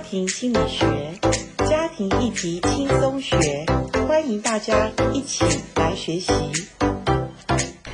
家庭心理學，家庭議題輕鬆學，歡迎大家一起來學習。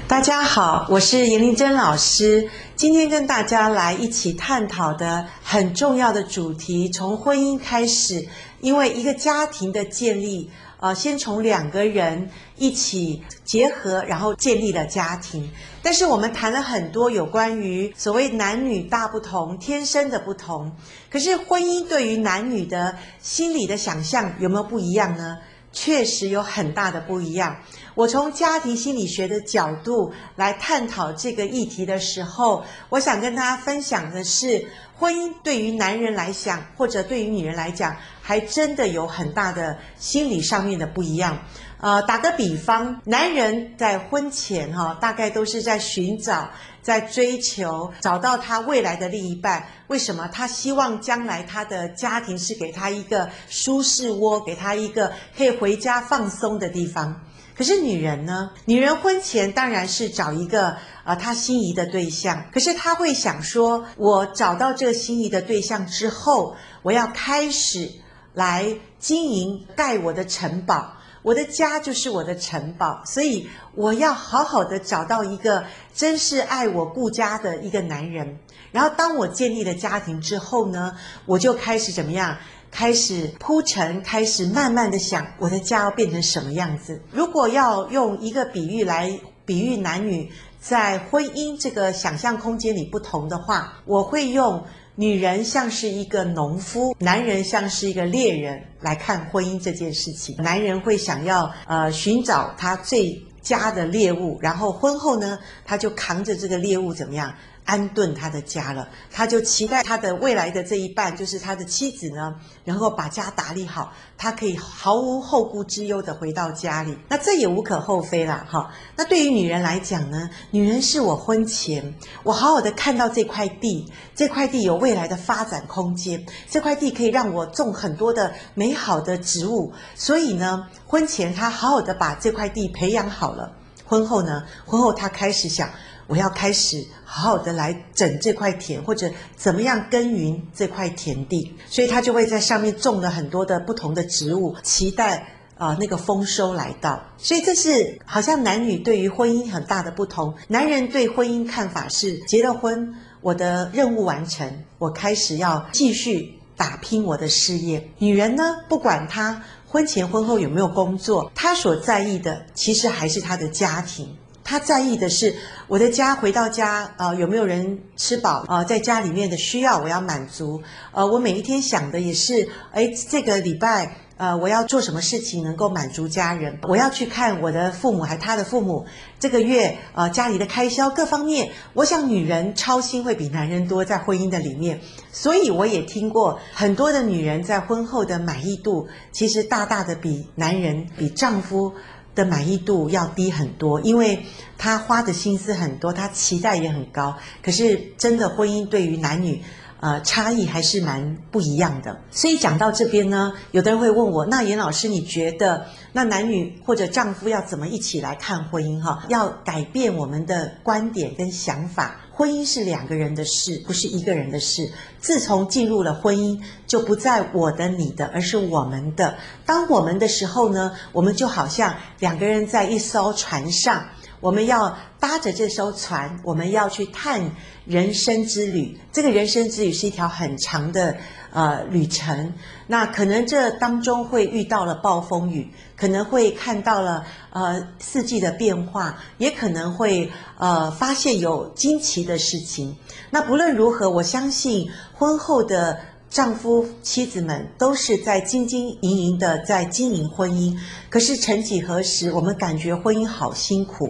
大家好，我是延玲珍老師，今天跟大家來一起探討的很重要的主題，從婚姻開始，因為一個家庭的建立。呃，先從兩個人一起結合，然後建立了家庭。但是我們談了很多有關於所謂男女大不同、天生的不同。可是婚姻對於男女的心理的想象有沒有不一樣呢？確實有很大的不一樣。我從家庭心理學的角度來探討這個議題的時候，我想跟大家分享的是，婚姻對於男人來講，或者對於女人來講，還真的有很大的心理上面的不一樣。呃，打個比方，男人在婚前哈、哦，大概都是在尋找、在追求，找到他未來的另一半。為什麼？他希望將來他的家庭是給他一個舒適窩，給他一個可以回家放鬆的地方。可是女人呢？女人婚前當然是找一個呃她心儀的對象，可是她會想說：我找到這個心儀的對象之後，我要開始來經營、蓋我的城堡。我的家就是我的城堡，所以我要好好的找到一個真是愛我顧家的一個男人。然後當我建立了家庭之後呢，我就開始怎麼樣？開始鋪陳，開始慢慢的想我的家要變成什麼樣子。如果要用一個比喻來比喻男女在婚姻這個想象空間裡不同的話，我會用。女人像是一個農夫，男人像是一個獵人，來看婚姻這件事情。男人會想要，呃，尋找他最佳的獵物，然後婚後呢，他就扛着這個獵物怎麼樣？安頓他的家了，他就期待他的未來的這一半，就是他的妻子呢，能夠把家打理好，他可以毫無後顧之憂地回到家裡。那這也無可厚非啦，哈。那對於女人來講呢，女人是我婚前，我好好的看到這塊地，這塊地有未來的發展空間，這塊地可以讓我種很多的美好的植物。所以呢，婚前他好好的把這塊地培養好了，婚後呢，婚後他開始想。我要開始好好的來整這塊田，或者怎麼樣耕耘這塊田地，所以他就會在上面種了很多的不同的植物，期待啊，呃，那個豐收來到。所以這是好像男女對於婚姻很大的不同。男人對婚姻看法是，結了婚，我的任務完成，我開始要繼續打拼我的事業。女人呢，不管她婚前婚後有沒有工作，她所在意的其實還是她的家庭。他在意的是我的家，回到家啊、呃、有沒有人吃飽啊、呃，在家裡面的需要我要滿足。呃，我每一天想的也是，誒、欸，這個禮拜呃我要做什麼事情能夠滿足家人？我要去看我的父母還他的父母。這個月啊、呃、家裡的開銷各方面，我想女人操心會比男人多在婚姻的裡面，所以我也聽過很多的女人在婚後的滿意度其實大大的比男人比丈夫的滿意度要低很多，因為他花的心思很多，他期待也很高。可是真的婚姻對於男女，呃，差異還是蠻不一樣的。所以講到這邊呢，有的人會問我，那延老師，你覺得那男女或者丈夫要怎麼一起來看婚姻？哦？哈，要改變我們的觀點跟想法。婚姻是兩個人的事，不是一個人的事。自從進入了婚姻，就不再我的、你的，而是我們的。當我們的時候呢，我們就好像兩個人在一艘船上。我們要搭着這艘船，我們要去探人生之旅。這個人生之旅是一條很長的呃旅程。那可能這當中會遇到了暴風雨，可能會看到了呃四季的變化，也可能會呃發現有驚奇的事情。那不論如何，我相信婚後的丈夫妻子們都是在兢兢業業的在經營婚姻。可是曾幾何時，我們感覺婚姻好辛苦。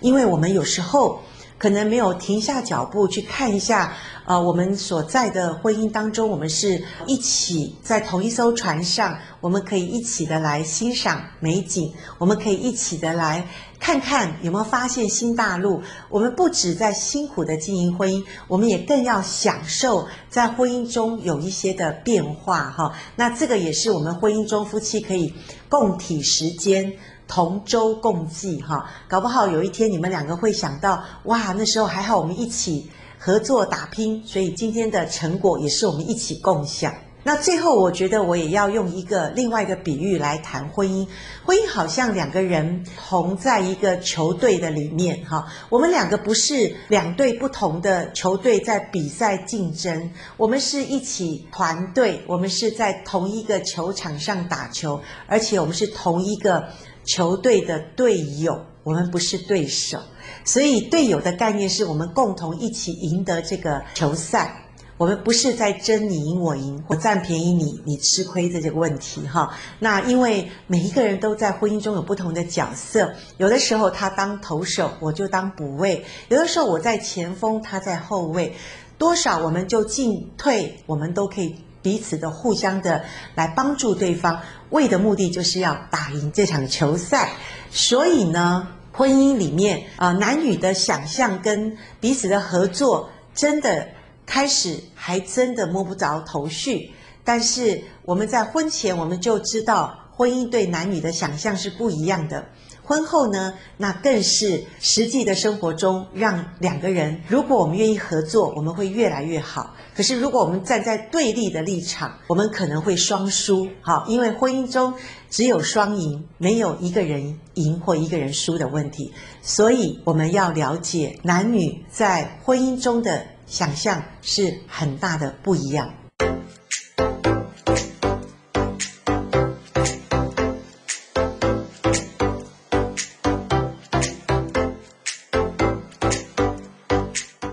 因為我們有時候可能沒有停下腳步去看一下，呃，我們所在的婚姻當中，我們是一起在同一艘船上。我們可以一起的來欣賞美景，我們可以一起的來看看有沒有發現新大陸。我們不止在辛苦的經營婚姻，我們也更要享受在婚姻中有一些的變化哈。那這個也是我們婚姻中夫妻可以共體時艱、同舟共濟哈。搞不好有一天你們兩個會想到，哇，那時候還好我們一起合作打拼，所以今天的成果也是我們一起共享。那最後，我覺得我也要用一個另外一個比喻來談婚姻。婚姻好像兩個人同在一個球隊的裡面哈，我們兩個不是兩隊不同的球隊在比賽競爭，我們是一起團隊，我們是在同一個球場上打球，而且我們是同一個球隊的隊友，我們不是對手。所以隊友的概念是我們共同一起贏得這個球賽。我們不是在爭你贏我贏，我占便宜你你吃虧的這個問題哈。那因為每一個人都在婚姻中有不同的角色，有的時候他當投手，我就當補位；有的時候我在前鋒，他在後衛，多少我們就進退，我們都可以彼此的互相的來幫助對方，為的目的就是要打贏這場球賽。所以呢，婚姻裡面啊，男女的想象跟彼此的合作，真的。開始還真的摸不着頭緒，但是我們在婚前我們就知道，婚姻對男女的想象是不一樣的。婚後呢，那更是實際的生活中，讓兩個人，如果我們願意合作，我們會越來越好。可是如果我們站在對立的立場，我們可能會雙輸。好，因為婚姻中只有雙贏，沒有一個人贏或一個人輸的問題。所以我們要了解男女在婚姻中的。想象是很大的不一樣。